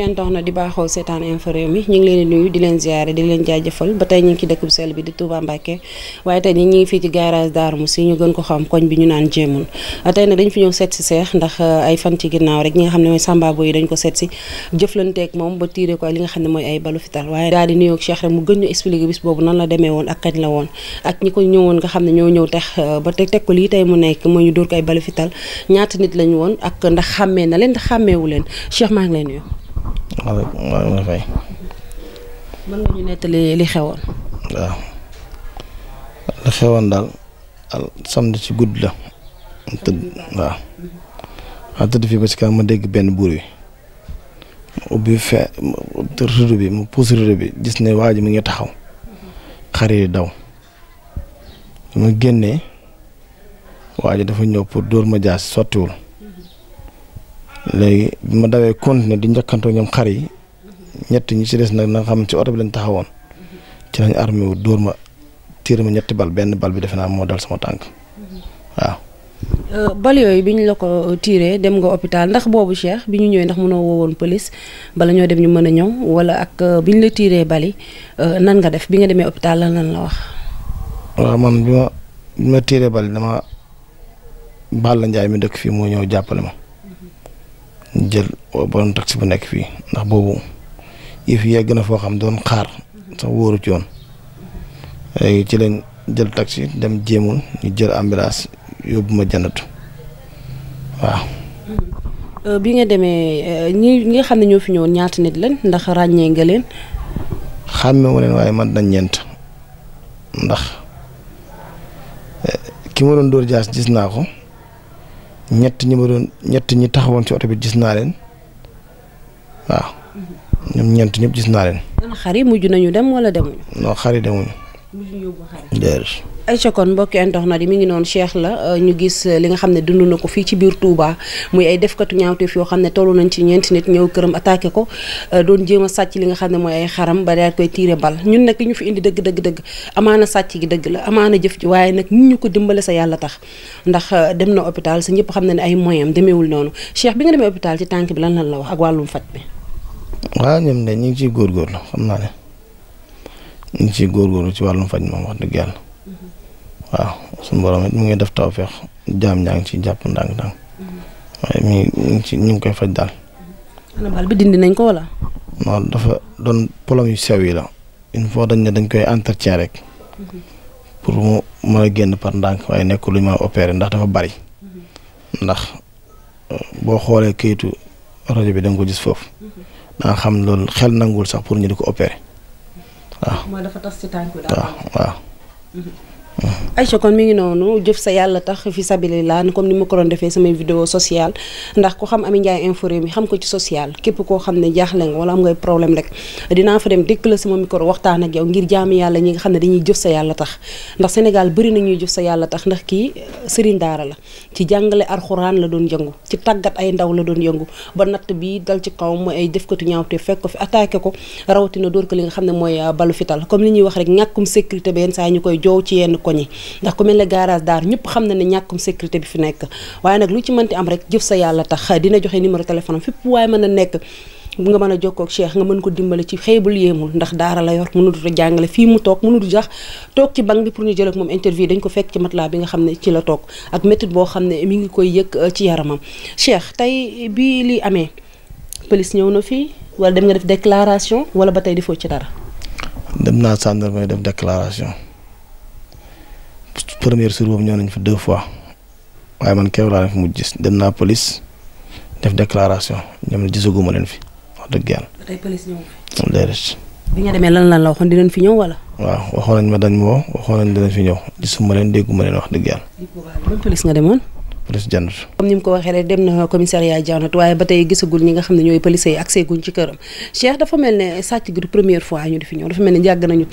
mbokki internet di baaxoo seetaan info réew mi ñu ngi leen di nuyu di leen ziare di leen jaajëfal ba tey ñu ngi ci dëkk bu sell bi di Touba Mbacké waaye tey ñi ñu ngi fii ci garage daar Moussi ñu ko xam koñ bi ñu naan jéemoon tey nag dañ fi ñëw seet si seex ndax uh, ay fan ci ginnaaw ñi nga xam ne mooy sambabo yi dañ ko seet si jëflanteeg moom ba tiiree ko li nga xam ne mooy ay balu fital waaye daal di nuyoo ak Cheikh rek mu gën ñu expliquer bis boobu nan la demee woon ak kañ la woon ak ñi ko ñëwoon nga xam ne ñoo ñëw tax uh, ba teg teg ko lii tey mu nekk mooy ñu dóor ko ay balu ñaata nit lañu woon ak ndax xàmmee na leen ndax xàmmeewu leen Cheikh ngi lay nuyu waaw waaw xewoon. daal al samedi ci guddi la mu tëdd waaw ma tëdd fii ba ma dégg benn buur bi ma ubbi fee rido bi ma pousse rido bi gis ne waa mu ngi taxaw xar yi daw ma génnee waa dafa ñëw pour dóor ma jaas sottiwul. léegi bi dawe dawee continuer di ñakanto ñoom xar yi ñett ñi ci dess nak na xam ci auto bi lañ taxawon ci lañ armé wu door ma tire ma ñetti bal benn bal bi defena mo dal sama tànk waaw. Euh, bal yoy biñ la ko tiré dem nga hôpital ndax bobu Cheikh biñu ñëw ndax mëno wowon police bala ñoo dem ñu mëna ñëw wala ak euh, biñ la tiré bali euh, nan nga def bi nga démé hôpital lan lan la wax. wa man bima ma tiré bal dama bali la ndjay mi dëkk fi mo ñëw jappalé ma. jël borom taxi bu nekk fii ndax boobu yëf yi yegg na foo xam doon xaar sax wóoru ci woon léegi ci lañ jël taxi dem jéemul ñu jël ambulance yóbbu ma jannatu waaw. Euh, bi nga demee euh, ñi nga xam ne ñoo fi ñëwoon ñaata nit lañ ndax ràññee nga leen. xàmme wu leen waaye man nañ ñeent ndax euh, ki ma doon dóor jaas gis naa ko. ñett ñi ma doon ñett ñi taxawoon ci oto bi gis naa leen waaw ñoom ñeent ñëpp gis naa leen. xar yi mujj nañu dem wala demuñu. non xar demuñu. Aïcha kon mbokki na yi mi ngi noonu Cheikh la euh, ñu gis euh, li nga xam ne dund na ko fii ci biir tuubaa muy ay defkatu ñaawteef yoo xam ne tollu nañ ci ñeenti nit ñëw këram attaqué ko euh, doon jéem a sàcc li nga xam ne mooy ay xaram ba daal koy tiire bal ñun nag ñu fi indi dëgg dëgg dëgg amaana sàcc gi dëgg la amaana jëf ji waaye nag nit ñu ko dimbale sa yàlla tax ndax dem na hôpital sa ñëpp xam ne ne ay moyam demewul noonu Cheikh bi nga demee hôpital ci tànk bi lan lan la wax ak wàllum faj bi waaw ñoom de ñu ngi góor góorgóorlu xam naa ne ñu siy góor góorgóorlu ci wàllum faj moom wax dëgg yàlla waaw suñu borom it mu ngi def tawféex jaam ñaa ngi ci jàpp ndànk-ndànk mhm. waaye mi ngi ñu ngi koy faj daal. Mhm. bal nañ ko wala. non dafa doon problème yu sew yi la il faut dañ ne dañ koy entretien rek mhm. pour mu ma a génn par ndànk waaye nekkul lu ñu mën a ndax dafa bari ndax euh, boo xoolee kayitu rajo bi da ko gis foofu da xam loolu xel nanguwul sax pour ñu di ko opérer waaw. waaw waaw. Aïcha kon mi ngi noonu jëf sa yàlla tax fi sabilillah comme ni ma ko doon defee samay vidéo sociale ndax ko xam Ami Ndiaye Infos Rewmi xam ko ci social képp koo xam ne jaaxle nga wala am ngay problème rek dinaa fa dem dëkk la sama micro waxtaan ak yow ngir jaamu yàlla ñi nga xam ne dañuy jëf sa yàlla tax ndax Sénégal bari na ñuy jëf sa yàlla tax ndax kii uh, sëriñ daara la ci jàngale arxuraan la doon yëngu ci tàggat ay ndaw la doon yëngu ba natt bi dal ci kaw mooy ay defkatu ñaawte fekk ko fi attaqué ko rawatina dóor ko li nga xam ne mooy uh, balu fital comme li ñuy wax rek ñàkkum sécurité ba yenn saa ñu koy ci yenn ko koñe ndax ku mel ne garage daar ñëpp xam na ne ñàkkum sécurité bi fi nekk waaye nag lu ci mënti am rek jëf sa yàlla tax dina joxe numéro téléphone am fépp waaye mën a nekk nga mën a jokkoo ak Cheikh nga mën ko dimbale ci xeebul yéemul ndax daara la yor mënudut a jàngale fii mu toog mënudut sax toog ci banc bi pour ñu jël ak moom interview dañ ko fekk ci matelas bi nga xam ne ci la toog ak métit boo xam ne mu ngi koy yëg euh, ci yaramam Cheikh tey bi li amee police ñëw na fii wala dem nga def déclaration wala ba tey defoo ci dara dem naa gendarmerie def première jour ñoo ñëw nañ fa deux fois waaye man kew laa ne fi mujj gis dem naa police def déclaration ñoom gisaguma leen fi wax dëgg yàlla. ba tey nga demee lan lan la waxoon leen fi ñëw wala. waaw waxoon nañ ma dañ ma woo waxoon nañ dinañ fi ñëw gisuma leen dégguma leen wax dëgg yàlla. police nga demoon. police jannatu comme ni mu ko waxee rek dem na commissariat jannatu waaye ba tey gisagul ñi nga xam ne ñooy police yi accès guñ ci këram Cheikh dafa mel ne sàcc gi du première fois ñu di fi ñëw dafa mel ne yàgg nañu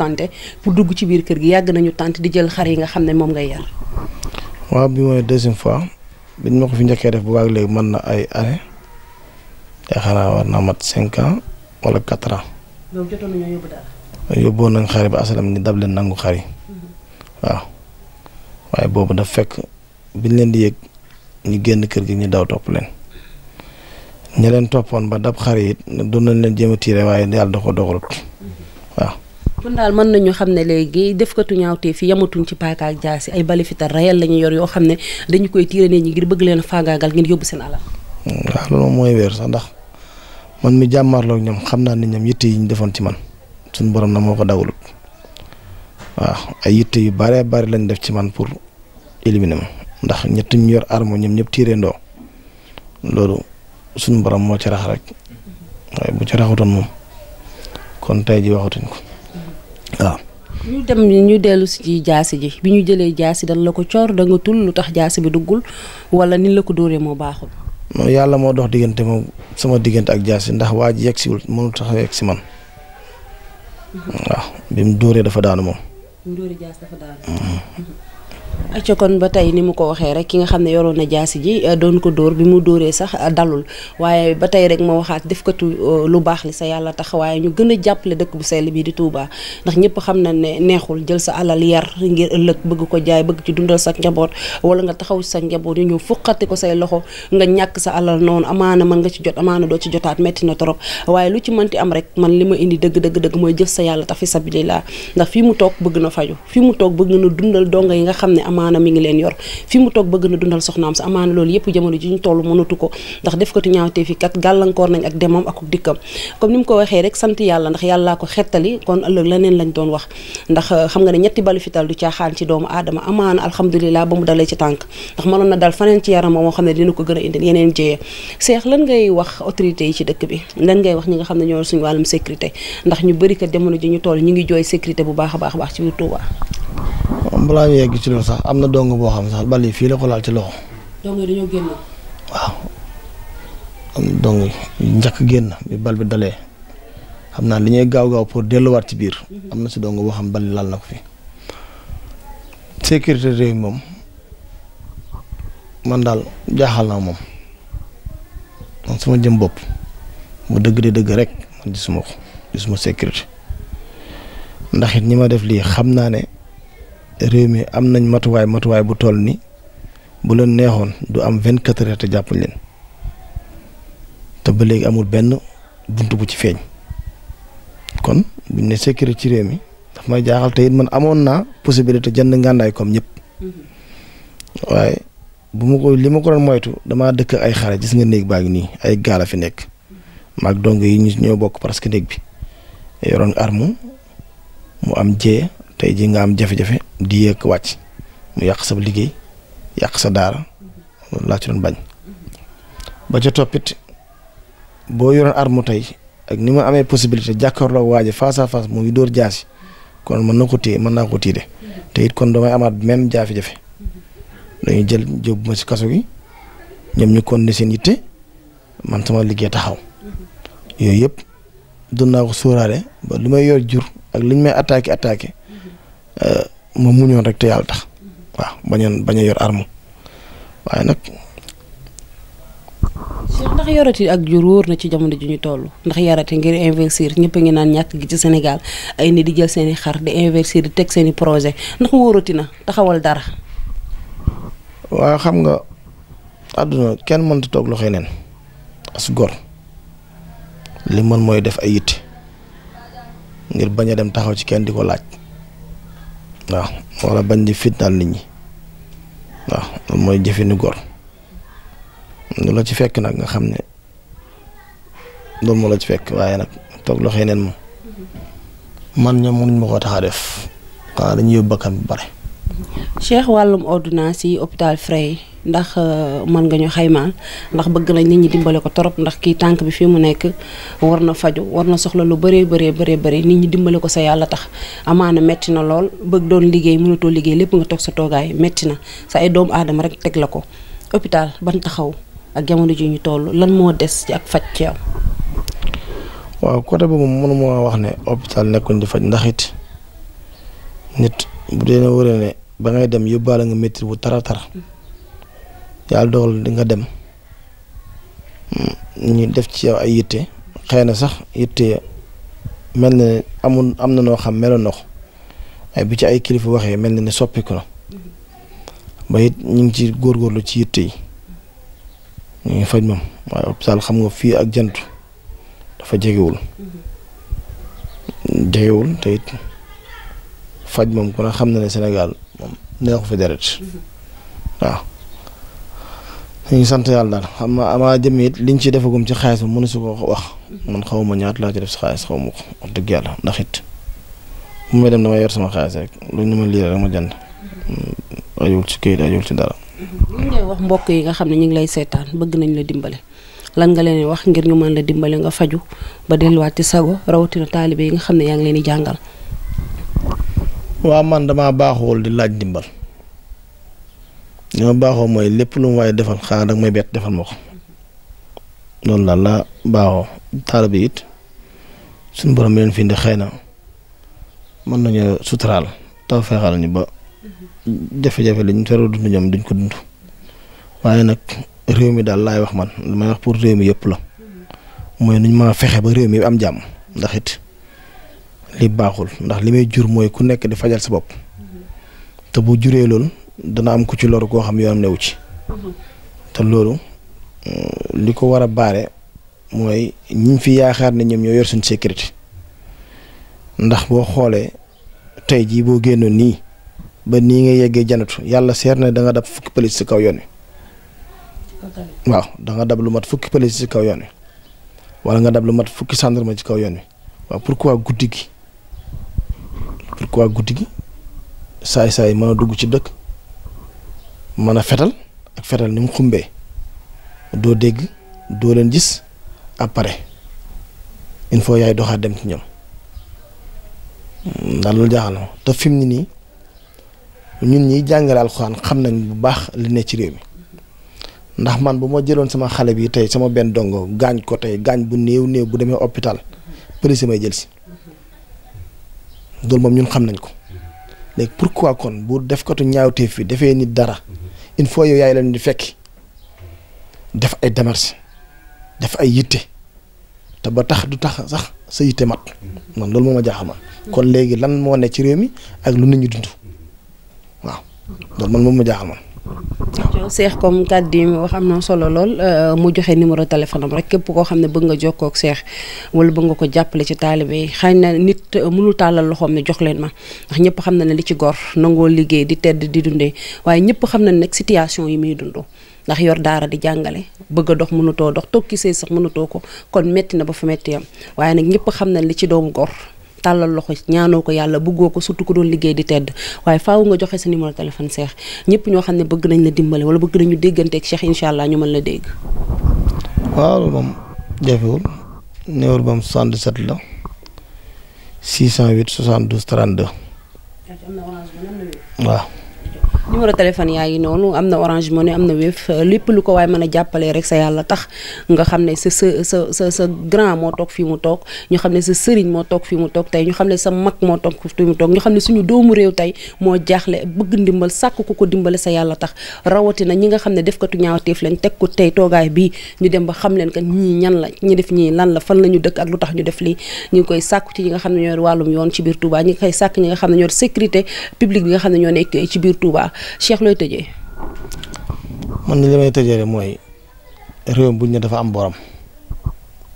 dugg ci biir kër gi yàgg nañu tànte di jël xar yi nga xam ne moom ngay yar waaw bi mooy deuxième fois bi ñu ma ko fi njëkkee def bu baax léegi mën na ay année yaakaar naa war naa mat cinq ans wala quatre ans. loolu jotoon xar yi asalam ni dab leen nangu xar yi mhm. waaw waaye boobu daf fekk biñ leen di yëg ñu génn kër gi ñu daw topp leen ña leen toppoon ba dab xar yi doon nañ leen jéem a tiire waaye yàlla da ko dogalut waaw. kon daal mën nañu xam ne léegi defkatu ñaawtee fi yamatuñ ci paaka ak jaasi ay bali fitar rayal lañu yor yoo xam ne dañu koy tiire ne ñi ngir bëgg leen faagaagal ngeen yóbbu seen alal. waaw loolu mooy wér sax ndax man mi jàmmarlook ñoom xam naa ne ñoom yitte yi ñu defoon ci man suñu borom na moo ko dawalut waaw ay yitte yu bare bari lañ def ci man pour ndax ñett ñu yor arme ñoom ñëpp tiiree ndoo loolu suñu borom moo ci rax rek waaye bu ca raxutoon moom kon tey ji waxatuñ ko waaw. ñu dem ñu dellu si ci jaasi ji bi ñu jëlee jaasi dal la ko coor da nga tul lu tax jaasi bi duggul wala ni la ko dóoree moo baaxul. non yàlla moo dox diggante moom sama diggante ak jaasi ndax waa ji yegg siwul mënu tax yegg si man. Mm-hmm. waaw bi dóoree dafa daanu moom. acca kon ba tey ni mu ko waxee rek ki nga xam ne yoroon na jaasi ji euh, doon ko dóor bi mu dóoree sax euh, dalul waaye ba tey rek ma waxaat def katu euh, lu baax li sa yàlla tax ñu gën a jàppale dëkk bu sell bii di Touba ndax ñëpp xam na ne neexul jël sa alal yar ngir ëllëg bëgg ko jaay bëgg ci dundal sa njaboot wala nga taxaw sa njaboot ñu ñëw fuqati ko say loxo nga ñàkk sa alal noonu amaana man nga ci jot amaana doo ci jotaat metti na trop waaye lu ci mënti am rek man li ma indi dëgg dëgg dëgg mooy jël sa yàlla tax fi sabilillah ndax fii mu amaana mi ngi leen yor fi mu toog bëgg na dundal soxnaam sa amaana loolu yëpp jamono ji ñu toll mënatu ko ndax def ko ti ñaawtee fi kat gàllankoor nañ ak demam ak dikkam comme ni mu ko waxee rek sant yàlla ndax yàllaa ko xettali kon ëllëg neen lañ doon wax ndax euh, xam nga ne ñetti balu fital du caaxaan ci doomu aadama amaana alhamdulilah ba mu dalee ci tànk ndax mënoon na dal faneen ci yaram moo xam ne dina ko gën a indil yeneen jëyee seex lan wax autorité yi ci dëkk bi lan ngay wax ñi nga xam ne ñoo suñu wàllum sécurité ndax ñu bëri kat jamono ji ñu ñu ngi jooy sécurité bu baax a baax baax ci biir balaa ñu yegg ci loolu sax am na dong boo xam sax bal yi fii la ko laal ci loxo. dong yi dañoo waaw am na dong yi njëkk bi bal bi dalee xam naa li ñuy gaaw gaaw pour delluwaat ci biir. Mhm. am na si dong boo xam bal laal fi. sécurité réew moom man daal jaaxal naa moom man sama jëm bopp mu dëgg di dëgg rek man gisuma ko gisuma sécurité ndax ma def lii xam ne. réew mi am nañ matuwaay matuwaay bu toll ni bu leen neexoon du am vingt quatre heures te jàppuñ leen te ba léegi amul benn bunt bu ci feeñ kon buñ ne sécurité ci réew mi daf may jaaxal te it man amoon naa possibilité jenn ngànnaay comme ñëpp mm-hmm. waaye bu ma ko li ma ko doon moytu damaa dëkk ay xare gis nga néeg baa ngi nii ay gaala fi nekk mm-hmm. maag dong yi ñu ñoo bokk parce que néeg bi yoroon arme mu am jee tey jii nga am jafe-jafe di yëg wàcc mu yàq sa liggéey yàq sa daara loolu laa ci doon bañ ba ca toppit boo yoroon arme tey ak ni ma amee possibilité jàkkaarloo waaje face à face muy dóor jaasi kon mën na ko téye mën naa ko tiide te it kon damay amaat même jafe-jafe dañuy jël jóbbu ma si kaso gi ñoom ñu kon ne seen yitte man sama liggéey taxaw yooyu yëpp doon naa ko sóoraale ba li may yor jur ak liñ may attaqué attaqué Euh, mo muñon rek te yalla tax wa bañan baña yor arme waye nak Cheikh ndax yorati ak juroor na ci jamono juñu tollu ndax yarati ngir investir ñepp ngi naan ñak gi ci senegal ay ni di jël seen xar di investir di tek seen projet ndax wóorati na taxawal dara. wa xam nga aduna kenn tok lu xey as gor li mën moy def ay yitte ngir baña dem taxaw ci kenn di kolak. laaj waaw wala bañ di fitnal nit ñi waaw loolu mooy jëfinu góor lu la ci fekk nag nga xam ne loolu moo la ci fekk waaye nag toog loxo yeneen moom man ñoom mënuñ ma koo tax a def xanaa dañuy yóbbu bakkan bare. Cheikh wàllum ordonnance yi hôpital Frey ndax euh, man nga ñu xaymaal ndax bëgg nañ nit ñi dimbalé ko torop ndax ki tank bi fi mu nekk war na faju war na soxla lu bëré bëré bëré bëré nit ñi dimbalé ko sa yalla tax amaana metti na lool bëgg doon liggéey to liggéey lepp nga tok sa togaay metti na sa ay doom adam rek tek lako hôpital ban taxaw ak jamono ji ñu tollu lan mo des ci ak fajj ci yow waaw côté boobu mënu mo wax né hôpital nekkuñ di fajj ndax it nit bu dee wëree ba ngay dem yobala nga metti bu tara tara yàlla dogal dinga dem hmm, ñu def ci ay yitte xëy sax yitte mel na ne amul am na noo xam melo na ko ay ci ay kilifa waxee mel na ne soppiku na ba it ñu ngi ci góorlu ci yitte yi ñu ngi faj moom waaye hôpital xam nga fii ak jant dafa jegewul jegewul te it faj moom kon xam na ne Sénégal moom neexu fi deret mm-hmm. ñu sant yalla daal xam nga amaa jëm liñ ci defagum ci xaalis mu mënu su ko wax man xawma ñaat la ci def si xaalis xaw ma ko wax dëgg ndax it mu may dem dama yor sama xaalis rek lu ñu ma liir rek ma jënd hmm, ayul ci këyit ayul ci dara. ñu ngi wax mbokk yi nga xam ne ñu ngi lay seetaan bëgg nañ la dimbalé lan nga leen wax ngir ñu mën la dimbalé nga faju ba delu wat ci sago rawatina taalibe yi nga xam ne yaa ngi leen di jangal wa man dama baaxul di laaj dimbal. li baaxoo mooy lépp lu mu waaye defal xanaa dag may bett defal ma ko loolu daal la baaxoo taal bi it suñu borom mi leen fi indi xëy na mën nañu suturaal taw feexal ñu ba jafe-jafe lañ tero dund ñoom duñ ko dund waaye nag réew mi daal laay wax man damay wax pour réew mi yépp la mooy nuñ ma fexe ba réew mi am jàmm ndax it li baaxul ndax li may jur mooy ku nekk di fajal sa bopp te bu juree loolu dana am ku ci lor koo xam yoonam newu ci mhm. te lolu euh, liko wara war moy ñi fi yaakaar ne ñom ñoy yor sun sécurité ndax bo xolé tay ji bo gennu ni ba ni nga yeggee janatu yalla seer na da nga dab fukki police ci kaw yoon waaw da nga dab lu mat fukki police ci kaw yoon wala nga dab lu mat fukki gendarme ci kaw yoon waaw pourquoi goudi gi pourquoi goudi gi say say dugg ci dekk mën a fetal ak fetal ni mu xumbee doo dégg doo leen gis après il faut yaay doxaat dem ci ñoom ndax hmm, loolu jaaxal na te fi mu ne nii ñun ñiy jàngale alxuraan xam nañ bu baax li ne ci réew mi ndax man bu ma jëloon sama xale bi tey sama benn dongo gaañ ko tey gaañ bu néew néew bu demee hôpital police may jël si loolu moom ñun xam nañ ko léegi pourquoi kon buur def ñaaw ñaawteef bi dafee nit dara. il faut yow yaay leen di fekk def ay démarches def ay yitte te ba tax du tax sax sa yitte mat man loolu moo ma jaaxal ma kon léegi lan moo ne ci réew mi ak lu nit ñi dund waaw loolu man moom ma jaaxal man Cheikh comme kàddu yi mu wax am na solo lool euh, mu joxe numéro téléphone am rek képp koo xam ne bëgg nga jokkoo ak Cheikh wala bëgg nga ko jàppale ci taalibe yi xëy na nit euh, mënul tàllal loxoom ne jox leen ma ndax ñëpp xam na ne li ci gor nangoo liggéey di tedd di dundee waaye ñëpp xam na nag situation yi muy dund ndax yor daara di jàngale bëgg a dox mënutoo dox tokki sëy sax mënatoo ko kon metti na ba fa metti yam waaye nag ñëpp xam na li ci doomu gor tàllal loxo ñaanoo ko yàlla bëggoo ko surtout ku doon liggéey di tedd waaye faaw nga joxe sa numéro téléphone Cheikh ñëpp ñoo xam ne bëgg nañ la dimbale wala bëgg nañu dégganteeg Cheikh incha allah ñu mën la dégg. waaw loolu moom jafewul numéro bam 77 la 608 72 32. waaw. numéro téléphone yaa ngi noonu am na orange money am na we euh, lépp lu ko waaye mën a jàppale rek sa yàlla tax nga xam ne sa sa sa sa sa grand moo toog fii mu toog ñu xam ne sa sëriñ moo toog fii mu toog tey ñu xam ne sa mag moo toog fii toog ñu xam ne suñu doomu réew tey moo jaaxle bëgg ndimbal sàkk ku ko dimbale sa yàlla tax rawatina ñi nga xam ne def katu ñaawteef lañ teg ko tey toogaay bii ñu dem ba xam leen que ñii ñan la ñi def ñii lan la fan la ñu dëkk ak lu tax ñu def lii ñu ngi koy sàkku ci ñi nga xam ne ñoo wàllum yoon ci biir Touba ñi ngi koy sàkk ñi nga sécurité publique bi nga xam ne ñoo nekk ci biir Cheikh looy tëjee. man ni li may tëjee mooy réew buñ ne dafa am borom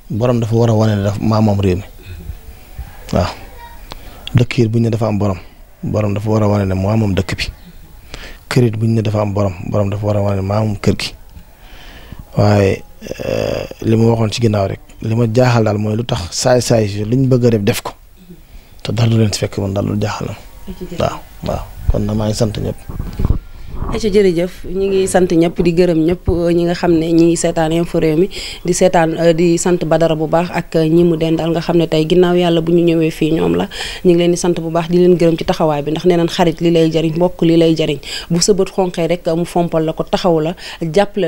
borom dafa war a wane ne dafa maa moom réew mi waaw dëkk ne dafa am borom boroom dafa war a wane ne maa moom dëkk bi kër it buñ ne dafa am borom borom dafa war a wane ne maa kër gi waaye eh, li ma waxoon ci ginnaaw rek li ma jaaxal daal mooy lu tax saay saay si liñ bëgg a def def ko te dara du leen si fekk man daal lu jaaxal na waaw waaw. kon na maa ngi sant ñëpp. Eh, ci jërëjëf ñu ngi sant ñëpp di gërëm ñëpp ñi nga xam ne ñi ngi info mi di seetaan eh, di sant Badara bu baax ak ñi mu dendal nga xam ne tey ginnaaw yàlla bu ñu ñëwee gerem kita la ñu ngi leen di sant bu baax di leen gërëm ci taxawaay bi ndax nee nañ xarit li lay jariñ mbokk li lay jariñ bu sa bët rek mu fompal la ko taxaw la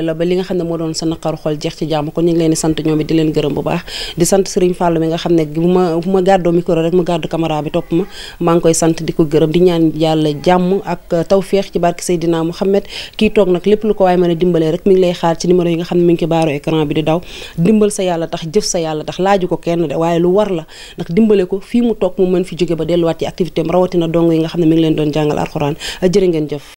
la ba li nga ne doon sa naqaru xol jeex ci ko ngi leen di sant ñoom it di leen gërëm bu baax di sant Serigne mi nga ne bu ma bu ma micro rek mu gàddu caméra bi topp ma maa ngi koy sant di ko gërëm di ñaan yàlla jàmm ak se ci barke mu Mouhamed kii toog nag lépp lu ko waaye mën a dimbale rek mi ngi lay xaar ci numéro yi nga xam ne mi ngi ci baaru écran bi di daw dimbal sa yàlla tax jëf sa yàlla tax laaju ko kenn de waaye lu war la ndax dimbale ko fii mu toog mu mën fi jóge ba delluwaat ci activité am rawatina dong yi nga xam ne mi ngi leen doon jàngal alxuraan jërë ngeen jëf